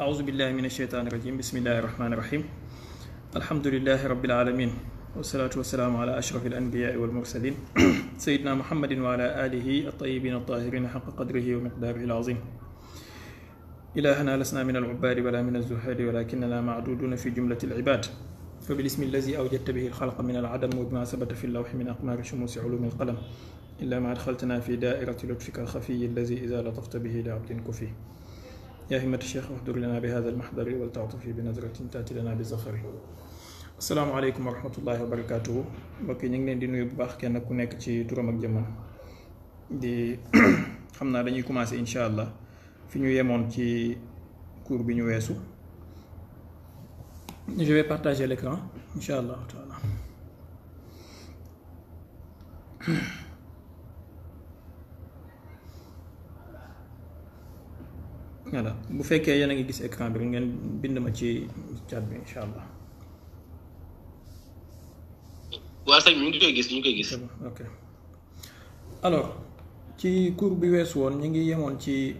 أعوذ بالله من الشيطان الرجيم بسم الله الرحمن الرحيم الحمد لله رب العالمين والصلاة والسلام على أشرف الأنبياء والمرسلين سيدنا محمد وعلى آله الطيبين الطاهرين حق قدره ومقداره العظيم إلهنا لسنا من العباد ولا من الزهاد ولكننا معدودون في جملة العباد فبالاسم الذي أوجدت به الخلق من العدم وبما ثبت في اللوح من أقمار شموس علوم القلم إلا ما أدخلتنا في دائرة لطفك الخفي الذي إذا لطفت به لعبد كفي يا همة الشيخ اهدر لنا بهذا المحضر والتعطف بنظرة تأتي لنا بزخر السلام عليكم ورحمة الله وبركاته بكي نيغ نين دي نوي بو باخ كين كو نيك سي تورام اك دي خمنا دا نيي ان شاء الله في نيو يمون سي كور بي نيو ويسو جو في بارتاجي ليكران ان شاء الله تعالى voilà bu fekkee yéen a ngi gis écran bi ngeen bind ma ci chat bi incha allah. waaw sëñ bi ñu ngi koy gis ñu ngi koy gis. ok alors ci cours bi wees woon ñu ngi yemoon ci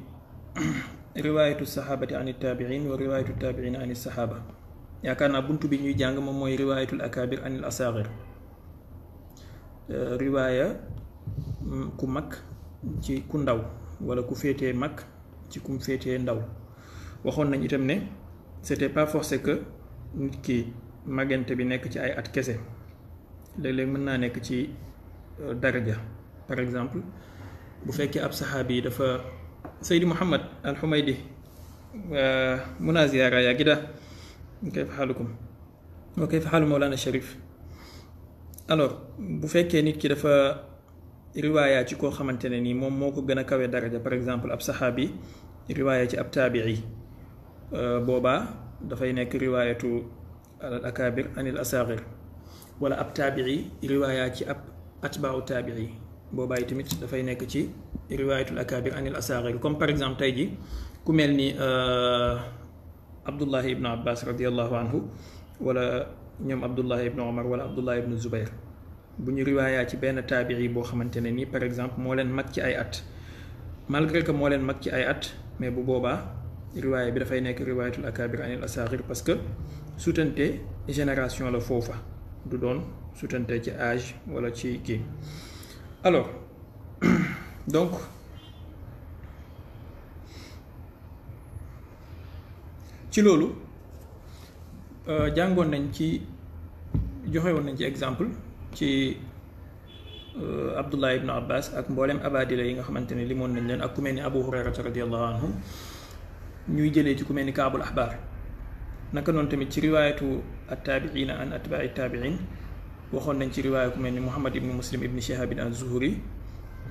riwaayatu saxaabati ani taabiin wa riwaayatu taabiin ani saxaaba yaakaar naa buntu bi ñuy jàng moom mooy riwaayatul akaabir anil asaaxir euh, riwaaya mm, ku mag ci ku ndaw wala ku féetee mag. ci kum féetee ndaw waxoon nañ itam ne c'était pas forcé que nit ki magante bi nekk ci ay at kese léeg-léeg mën naa nekk ci euh, daraja par exemple bu fekkee ab saxaabi yi dafa Seydi Muhammad al-Humaydi euh, muna ziyaara yaa gida kayfa xaalukum wa kayfa xaalu Mawlana Sharif alors bu fekkee nit ki dafa riwaaya ci koo xamante ne nii moom moo ko gën a kawe daraja par exemple ab saxaabi riwaaya ci ab taabii euh, boobaa dafay nekk riwaayatu al akabir wala ab taabii riwaaya ci ab atbaawu taabii boobaay tamit dafay nekk ci riwaayatul akabir anil asagir comme par exemple tey ji ku mel ni euh, abdullahi ibnu abbas radiallahu anhu wala ñoom abdullahi ibnu omar wala abdullahi ibnu zubair bu ñu riwaayaa ci benn taabi'i boo xamante ne nii par exemple moo leen mag ci ay at malgré que moo leen mag ci ay at mais bu boobaa riwaaya bi dafay nekk riwaayatul akabir anil asaxir parce que suutante génération la foofa du doon sutante ci âge wala ci kii alors donc ci loolu euh, jàngoon nañ ci joxewoon nañ ci exemple ci abdullah ibn abbas ak abadi abadila yi nga xamante ne limoon nañ leen ak ku mel ni abu hurayrata radiallahu anhu ñuy jëlee ci ku mel ni kaabul axbaar naka noonu tamit ci riwaayatu attaabiina an atbaai taabiin waxoon nañ ci riwaaya ku mel muhammad ibnu muslim ibnu shihabin al zuhuri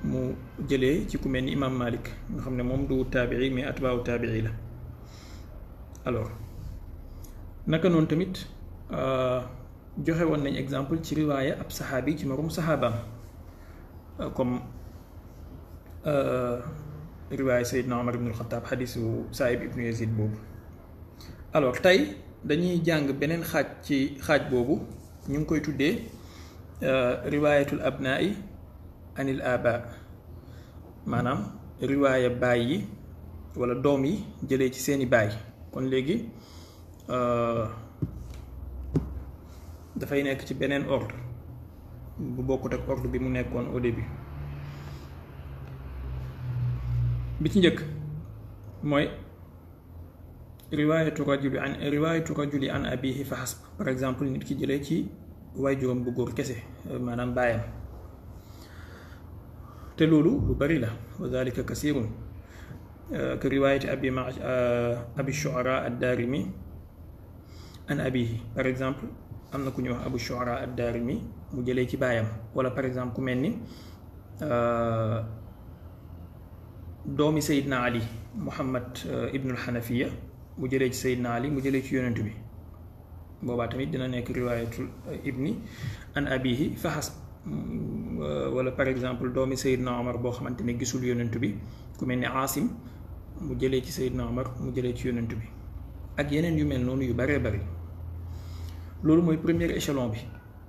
mu jëlee ci ku mel imam malik nga xam ne du taabii mais atbaawu taabii la alors naka noonu tamit joxewoon woon nañ exemple ci riwaaya ab saxaabi ci moroom saxaabaam comme euh, riwaaya Seydina Omar ibnul Xataab xadisu Saïb ibnu Yazid boobu alors tey dañuy jàng beneen xaaj ci xaaj boobu ñu ngi koy tuddee euh, riwaayatul abnaai anil aba maanaam riwaaya baay yi walla doom yi jëlee ci seeni baay kon léegi euh, dafay nekk ci beneen ordre bu bokkut ak ordre bi mu nekkoon au début bi ci njëkk mooy riwaayatu rajuli an riwaayatu rajuli an abihi fa xasb par exemple nit ki jëlee ci waajuram bu góor kese maanaam baayam te loolu lu bari la wa dalika kasirun ka riwaayati abi ma abi shuara ad daarimi an abihi par exemple am na ku ñuy wax abu shuara ad daarimi mu jëlee ci baayam wala par exemple ku mel ni euh, doomi sayidna ali muhammad euh, ibnul xanafiya mu jëlee ci sayidna ali mu jëlee ci yonentu bi boobaa tamit dina nekk riwaayatul ibni an abihi fa xasb euh, par exemple doomi sayidna omar boo xamante ne gisul yonentu bi ku mel ni aasim mu jëlee ci sayidna omar mu jëlee ci yonentu bi ak yeneen yu mel noonu yu baree bari loolu mooy premier échelon bi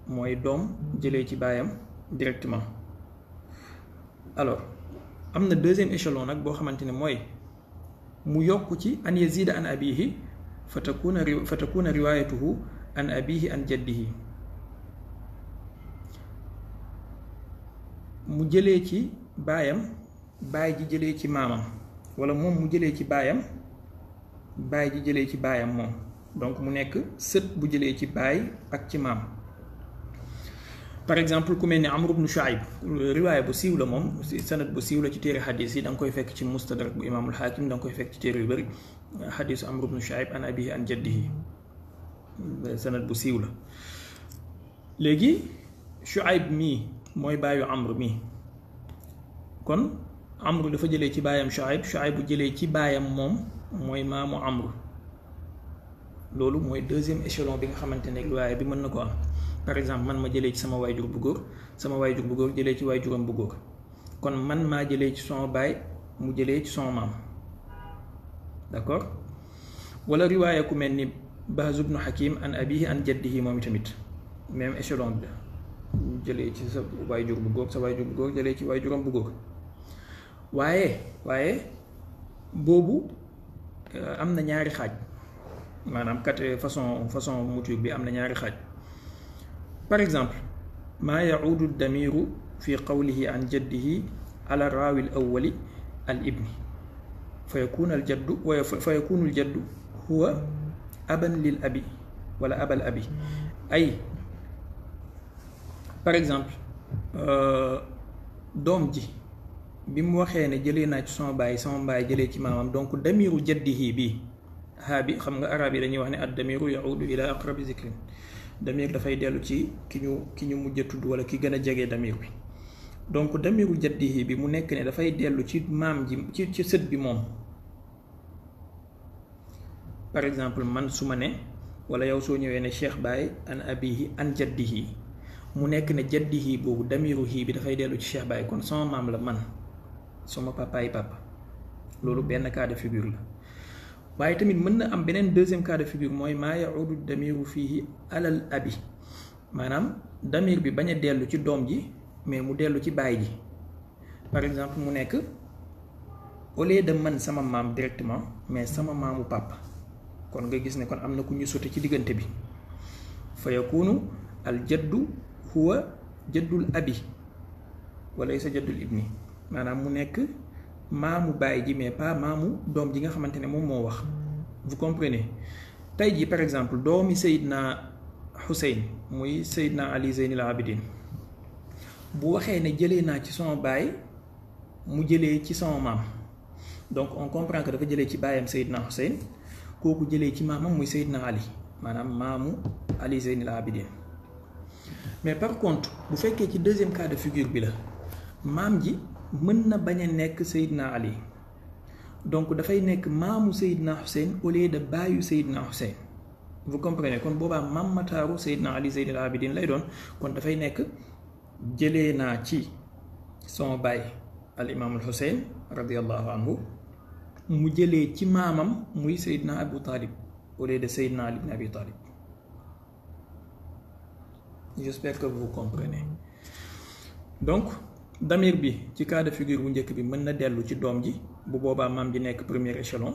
mooy doom jëlee ci baayam directement alors am na deuxième échelon nag boo xamante ni mooy mu yokk ci an yazida an abihi fa takuna fa takuna riwaayatuhu an abihi an jaddihi mu jëlee ci baayam baay ji jëlee ci maamam wala moom mu jëlee ci baayam baay ji jëlee ci baayam moom donc mu nekk sët bu jëlee ci baay ak ci maam par exemple ku mel ne Amr ibn Shuayb riwaaya bu siiw la moom sanad bu siiw la ci téere xadis yi danga koy fekk ci mustadrak bu imaamul xaakim da nga koy fekk ci téere yu bëri xadisu Amr ibn Shuayb an abihi an jaddihi sanad bu siiw la léegi Shuayb mii mooy baayu Amr mii kon Amr dafa jëlee ci baayam Shuayb Shuayb bu jëlee ci baayam moom mooy maamu Amr loolu mooy deuxième échelon bi nga xamante ne loyer bi mën na ko am par exemple man ma jëlee ci sama waajur bu góor sama waajur bu góor jëlee ci waajuram bu góor kon man maa jëlee ci son baay mu jëlee ci son maam d'accord wala riwaaya ku mel ni Bahz ibnu Hakim an abihi an jaddihi moom tamit même échelon bi jëlee ci sa waajur bu góor sa waajur bu góor jëlee ci waajuram bu góor waaye waaye boobu euh, am na ñaari xaaj manam kate façon façon mutu bi amna ñaari xaj par exemple ma yaudu ad damiru fi qawlihi an jaddihi ala raawi alawali al ibni fa yakunu al jaddu wa fa yakunu al jaddu huwa aban lil abi wala abal abi ay par exemple doom ji bi mu waxee ne jëlee naa ci sama baay sama baay jëlee ci maamam donc damiru jaddihi bii bi xam nga arab yi dañuy wax ne ad damiru yaudu ila aqrabi zikrin damir dafay dellu ci ki ñu ki ñu mujj tudd wala ki gën a jege damir bi donc damiru jaddihi bi mu nekk ne dafay dellu ci maam ji ci ci sët bi moom par exemple man su ma ne wala yow soo ñëwee ne Cheikh Baye an abihi an jaddihi mu nekk ne jaddihi boobu damiru hii bi dafay dellu ci Cheikh Baye kon sama maam la man suma papaay papa loolu benn cas de la waaye tamit mën na am beneen deuxième cas de figure mooy maa yaudu damiru fii alal abi maanaam damir bi bañ a dellu ci doom ji mais mu dellu ci baay ji par exemple mu nekk au lieu de man sama maam directement mais sama maamu papa kon nga gis ne kon am na ku ñu sote ci diggante bi fa yakunu al jaddu huwa jaddul abi wala sa jaddul ibni maanaam mu nekk maamu Baye ji mais pas maamu doom ji nga xamante ne moom moo wax vous comprenez tey ji par exemple doomi Seydina Hussein muy Seydina Ali Zeynil Abidin bu waxee ne jëlee naa ci son baay mu jëlee ci son maam donc on comprend que dafa jëlee ci baayam Seydina Hussein kooku jëlee ci maamam muy Seydina Ali maanaam maamu Ali Zeynil Abidin mais par contre bu fekkee ci deuxième cas de figure bi la maam ji. mën na bañ a nekk Seydina Ali donc dafay nekk maamu seyd Hussein au lieu de baayu Seydina Hussein vous comprenez kon boobaa maam mataaru Seydina Ali Zeynal Abidin lay doon kon dafay nekk jële naa ci sama baay al imaamul Hussein radiallahu anhu mu jëlee ci maamam muy Seydina na Talib au lieu de Seydina Ali ibn Abi Talib que vous comprenez donc. damir bi ci cas de figure bu njëkk bi mën na dellu ci doom ji bu boba mam ji nek premier échelon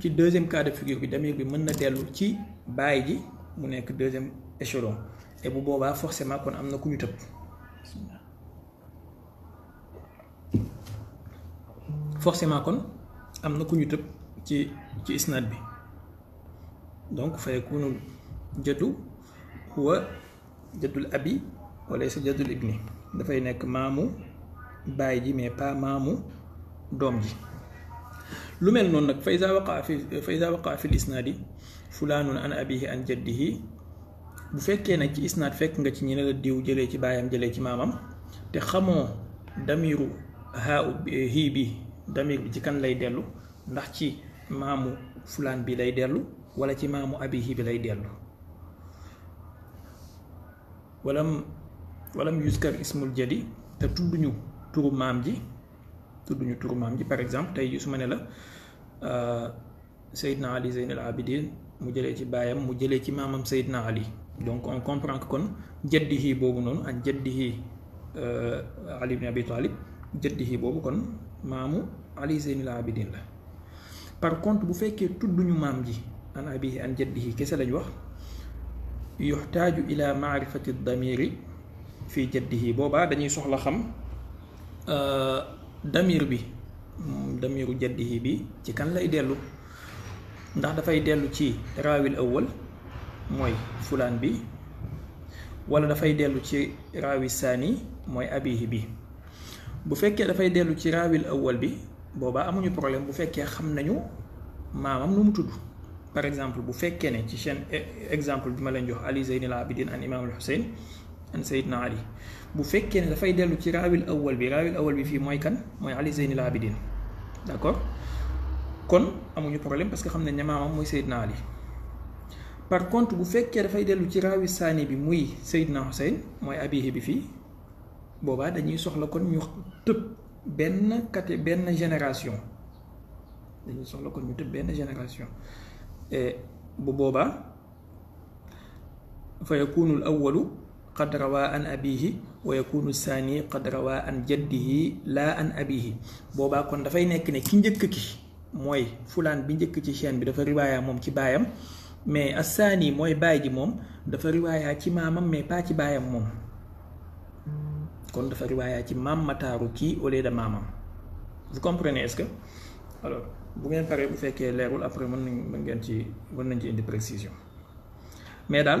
ci deuxième cas de figure bi damir bi mën na dellu ci baay ji mu nek deuxième échelon et bu boba forcément kon amna na ku ñu tëb forcément kon amna na ku ñu tëb ci ci isnad bi donc fa yakunu jaddu huwa jaddul abi wa laysa jaddul ibni dafay nekk maamu baay ji mais pas maamu doom ji lu mel noonu nag fa iza waqaa fi fa iza waqaa fi isnaadi fulaanun an abihi an jaddihi bu fekkee nag ci isnaad fekk nga ci ñi ne la diw jëlee ci baayam jëlee ci maamam te xamoo damiru haa bi damir bi ci kan lay dellu ndax ci maamu fulaan bi lay dellu wala ci maamu abihi bi lay dellu walam walam yuskar ismul jadi te tudduñu turu mam ji tudduñu turu mam ji par exemple tay yusuma ne la euh, sayyidna ali zainal abidin mu jele ci bayam mu jele ci mamam sayyidna ali donc on comprend que kon jaddihi bobu non ak jaddihi euh, ali ibn abi talib jaddihi bobu kon mamu ali Zainal abidin la par contre bu fekke tudduñu mam ji an abihi an jaddihi kessa lañ wax yuhtaju ila maarifati damiri fi jaddihi boba dañuy soxla xam euh, damir bi hmm, damiru jaddihi bi ci kan lay delu ndax fay delu ci rawil awwal moy fulan bi wala fay delu ci rawi sani, moy abih bi bu da fay delu ci rawil awwal bi boba amuñu problème bu fekke xam nañu mamam nu mu tudd par exemple bu fekke ne ci chaîne e, exemple bima lañ jox ali zainal abidin an imam al hussein عن سيدنا علي bu fekkee ne dafay dellu ci raawil awal bi raawil awal bi fii mooy kan mooy ali zeynil abidin d' accord kon amuñu problème parce que xam nañ ne maamam mooy Seydina Ali par contre bu fekkee dafay dellu ci raawi saani bi muy Seydina Hussein mooy abihi bi fii boobaa dañuy soxla kon ñu tëb benn kate benn génération dañuy soxla kon ñu tëb benn génération bu boobaa fa yakunu al awalu قد روى عن أبيه ويكون الثاني قد روى عن جده لا عن أبيه بوبا كون دا فاي نيك ني كي نجيك كي موي فلان بي نجيك كي شين بي دا فا روايه موم كي بايام مي الثاني موي باي baay موم دا فا riwaayaa ci مامام مي با ci بايام موم كون دا فا ci maam مام ماتارو كي اولي دا مامام vous comprenez est-ce que alors bu ngeen paree bu fekkee leerul après mën nañ mën ngeen ci mën nañ ci indi précision mais daal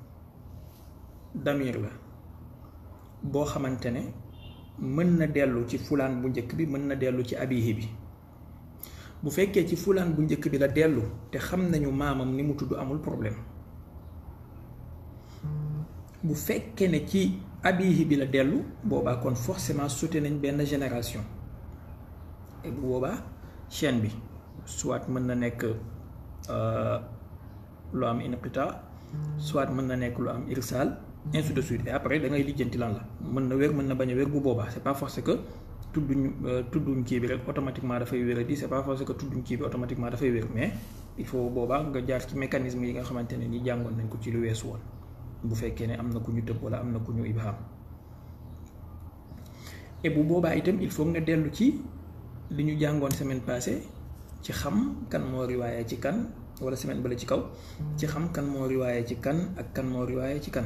damir la boo xamante ne mën na dellu ci fulaan bu njëkk bi mën na dellu ci abihi bi bu fekkee ci fulaan bu njëkk bi la dellu te xam nañu maamam ni mu tudd amul problème bu fekkee ne ci abihi bi la dellu boobaa kon forcément sauté nañ benn génération et bu boobaa bi soit mën na nekk euh, lu am inqita soit mën na nekk lu am irsaal ainsi de suite et après da ngay lijeenti lan la mën na wér mën na bañ a bu boba c'est pas forcé que tudduñ eh, tudduñ ki bi rek automatiquement dafay wér di c'est pas forcé que tudduñ ki bi automatiquement fay wér mais il faut boba nga jaar ci mécanisme yi nga xamanteni ni jangon nañ ko ci lu wess won bu fekkee ne amna ku ñu tepp wala amna ñu ibham et bu boba item il faut nga dellu ci li ñu jangon semaine passée ci xam kan mo riwaayee ci kan wala semaine bala ci kaw ci xam kan mo riwaayee ci kan ak kan mo ci kan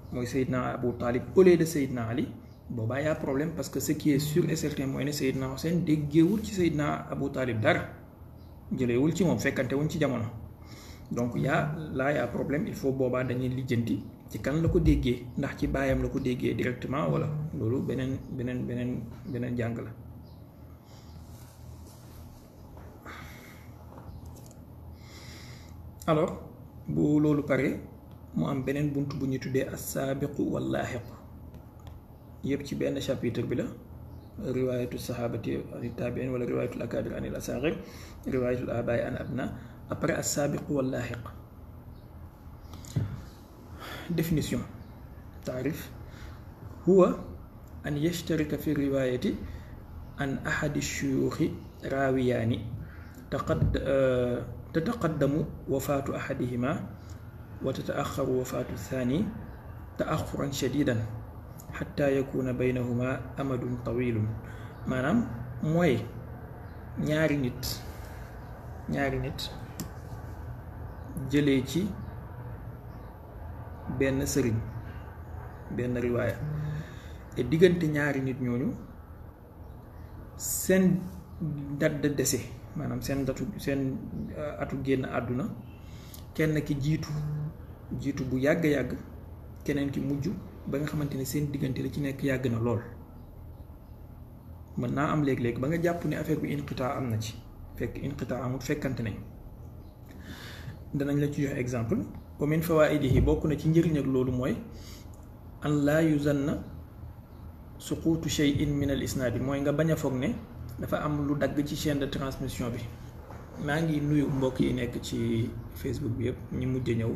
mooy Seydina Abou Talib au lieu de Seydina Ali boobaa yaa problème parce que ce qui est sûr et certain mooy ne Seydina Hussein déggeewul ci Seydina Abou taalib dara jëleewul ci moom fekkante wuñ ci jamono donc yaa laa yaa problème il faut boobaa dañuy lijjanti ci kan la ko déggee ndax ci baayam la ko déggee directement walla loolu beneen beneen beneen beneen jàng la. alors bu loolu paree. mu am benen buntu bu ñu tudde tuddé as-sabiq wal lahiq yëpp ci benn chapitre bi la riwayatu sahabati ani tabi'in wala riwayatu riwaayatul akaabir anil riwayatu al-abai an abna après as as-sabiq wal lahiq définition taarif huwa an yashtarika fi riwaayati an ahadi shuyuuxi raawiyaani taqad tataqaddamu wafaatu ahadihima wa tataaxaru wafaatu thani taaxuran shadidan xatta yakuna baynahuma amadun tawilun maanaam mooy ñaari nit ñaari nit jëlee ci benn sëriñ benn riwaaya te diggante ñaari nit ñooñu seen date de maanaam seen datu seen euh, atu génn àdduna kenn ki jiitu jiitu bu yàgg yàgg keneen ki mujj ba nga xamante ne seen diggante la ci nekk yàgg na lool mën naa am léeg-léeg ba nga jàpp ne affaire bi inqitaa am na ci fekk inqitaa amul fekkante nañ danañ la ci jox exemple wa min yi bokk na ci njëriña loolu mooy an laa yuzanna suquutu shay'in min al isnaadi mooy nga bañ a foog ne dafa am lu dagg ci chaîne de transmission bi maa ngi nuyu mbokk yi nekk ci Facebook bi yëpp ñi mujj ñëw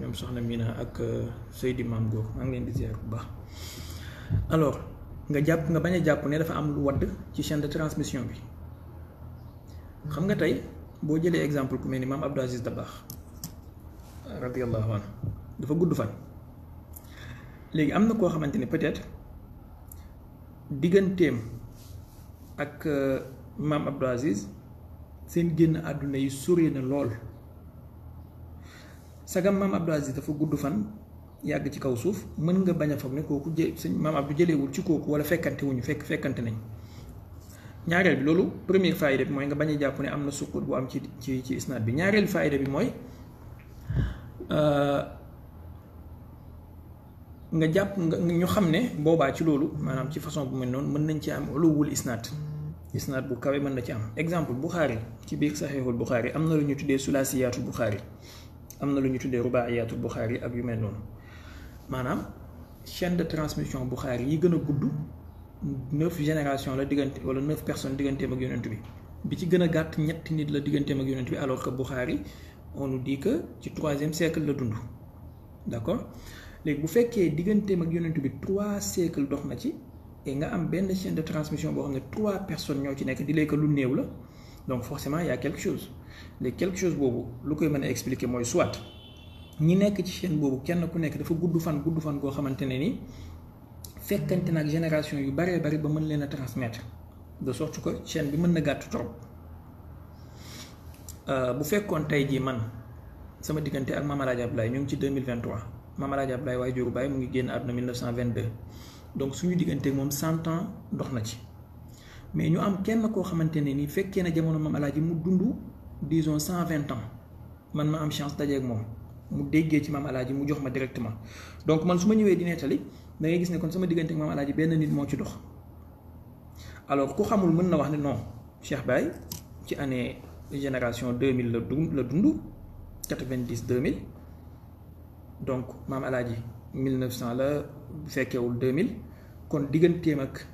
ñoom soxna Mina ak eh, Seydi Mam Góor maa ngi leen di ziar bu baax alors nga jàpp nga bañ a jàpp ne dafa am lu ci chaîne de transmission bi xam nga tey boo jëlee exemple ku mel ni maam Aziz Dabakh radiallahu anhu dafa gudd fan léegi am na koo xamante ni peut-être digganteem ak eh, mam Abdou Aziz seen génn àdduna yi na lool sagam maam Abdou Aziz dafa gudd fan yàgg ci kaw suuf mën nga bañ a foog ne kooku jë sëñ maam jëleewul ci kooku wala fekkante ñu fekk fekkante nañ ñaareel bi loolu première faayida bi mooy nga bañ a jàpp ne am na sukkut bu am ci ci ci isnaad bi ñaareel faayida bi mooy euh, nga jàpp ñu xam ne boobaa ci loolu maanaam ci façon bu mel noonu mën nañ ci am uluwul isnaad isnaad bu kawee mën na ci am exemple Buxaari ci biir saxiixul Buxaari am na lu ñu tuddee sulaasiyaatul Buxaari am na lu ñu tuddee rubaayatul Buxaari ak yu mel noonu maanaam chaîne de transmission Buxaari yi gën a gudd neuf génération la diggante wala neuf personnes digganteem ak yonent bi bi ci gën a gàtt ñetti nit la digganteem ak yonent bi alors que Buxaari on nous dit que ci troisième siècle la dund d'accord léegi bu fekkee digganteem ak yonent bi trois siècle dox na ci et nga am benn chaîne de transmission boo xam ne trois personnes ñoo ci nekk di lekk lu néew la donc forcément y a quelque chose léegi quelque chose bobo lu koy mëna expliquer moy soit ñi nekk ci chaîne boobu kenn ku nekk dafa gudd fan gudd fan goo xamante ni fekkante nak génération yu baree bari ba mën leen a transmettre de sorte que chaîne bi mën na gàtt trop euh, bu fekkoon tey jii man sama diggante ak Mama El Hadj Abdoulaye ñu ngi ci 2023 Mama El Hadj Abdoulaye waaye juru mu ngi génn àdduna 1922 donc suñu digganteeg moom 100 ans dox na ci mais ñu am kenn koo xamante ne ni fekkee na jamono Mame El mu dund disons 120 ans man ma am chance ak mom mu déggé ci maam aladji mu jox ma directement donc man suma ñëwé di nettali da ngay gis ne kon sama digënté ak maam aladji ben nit mo ci dox alors ku xamul mën na wax ne non Cheikh bay ci année génération 2000 le dund 90 2000 donc maam maladie 1900 la fekkewul 2000 kon digënté ak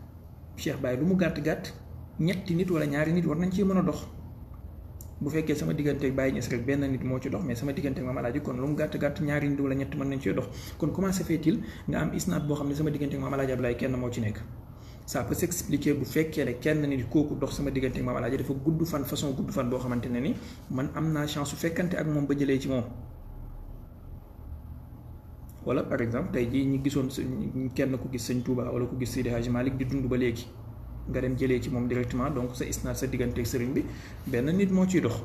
Cheikh bay lu mu gatt gàtt ñetti nit wala ñaari nit war nañ ci mëna dox bu fekkee sama digganteeg Baye Niass rek benn nit moo ci dox mais sama digganteeg Mame Alaaji kon lu mu gàtt gàtt ñaari nit wala ñett mën nañ ci dox kon comment se fait-il nga am isnaad boo xam ne sama digganteeg Mame Alaaji Ablaye kenn moo ci nekk ça peut s'expliquer bu fekkee ne kenn nit kooku dox sama digganteeg Mame Alaaji dafa gudd fan façon gudd fan boo xamante ne ni man am naa chance su fekkante ak moom ba jëlee ci moom wala par exemple tey jii ñi gisoon kenn ku gis sëñ Touba wala ku gis Seydi Hadji Malick di dund ba léegi nga dem jëlee ci moom directement donc sa isnaat sa diggante ak sëriñ bi benn nit moo ciy dox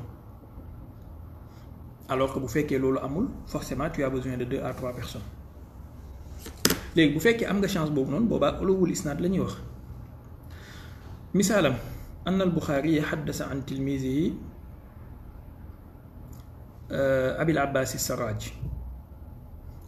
alors que bu fekkee loolu amul forcément tu as besoin de deux à trois personnes léegi bu fekkee am nga chance boobu noonu boobaa olowul isnaad la ñuy wax misaalam أن البخاري حدث عن تلميذه أبي العباس السراج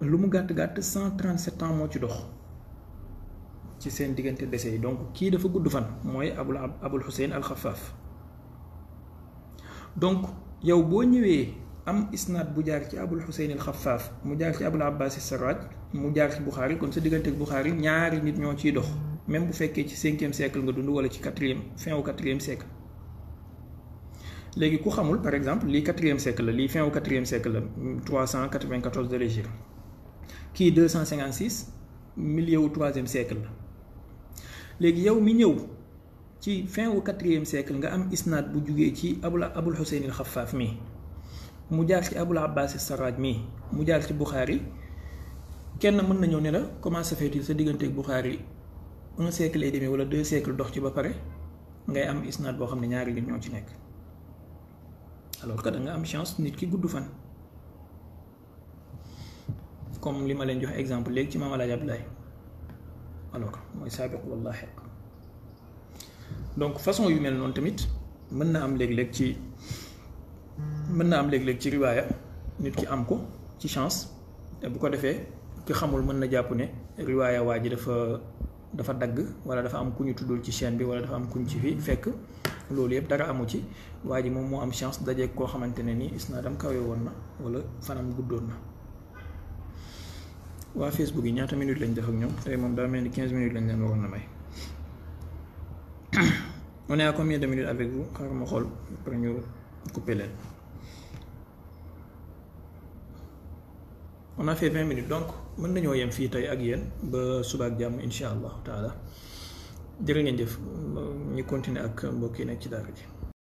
lu mu gàtt gàtt 137 ans moo ci dox ci seen diggante dese yi donc kii dafa gudd fan mooy abul abul Hussein al Xafaaf donc yow boo ñëwee am isnaad bu jaar ci abul Hussein al Xafaaf mu jaar ci abul Abbas Sarraj mu jaar ci Bukhari kon sa diggante ak ñaari nit ñoo ciy dox même bu fekkee ci cinquième siècle nga dund wala ci quatrième fin au quatrième siècle léegi ku xamul par exemple lii quatrième siècle la lii fin au quatrième siècle la 394 de l'Hégire kii 256 milieu wu troisième siècle la léegi yow mi ñëw ci fin wu quatrième siècle nga am isnaad bu jugee ci abul abul xuseyn xafaaf mi mu jaar ci abul abbas sarraaj mi mu jaar ci buxaari kenn mën nañoo ne la comment se fait-il sa digganteeg buxaari un siècle et demi wala deux siècles dox ci ba pare ngay am isnaad boo xam ne ñaari li ñoo ci nekk alors que da nga am chance nit ki gudd fan. comme li ma leen jox exemple léegi ci maam Alaaji Abdoulaye alors mooy saabiq wallah xeq donc façon yu mel noonu tamit mën na am léeg-léeg ci mën na am léeg-léeg ci riwaaya nit ki am ko ci chance te bu ko defee ki xamul mën na jàpp ne riwaaya waa ji dafa dafa dagg wala dafa am ku ñu tuddul ci chaine bi wala dafa am kuñ ci fi fekk loolu yëpp dara amu ci waa ji moom moo am chance dajeeg koo xamante ne nii dem kawe woon na wala fanam guddoon na waa Facebook yi ñaata minutes lañ def ak ñoom tey moom daa mel ni 15 minutes lañ leen waroon na may on est à combien avec vous xaaral ma xool pour ñu couper leen on a fait 20 donc mën nañoo yem fii tey ak yéen ba suba ak jàmm incha allahu taala jërë ngeen jëf ñu continuer ak mbokk yi nekk ci daara ji.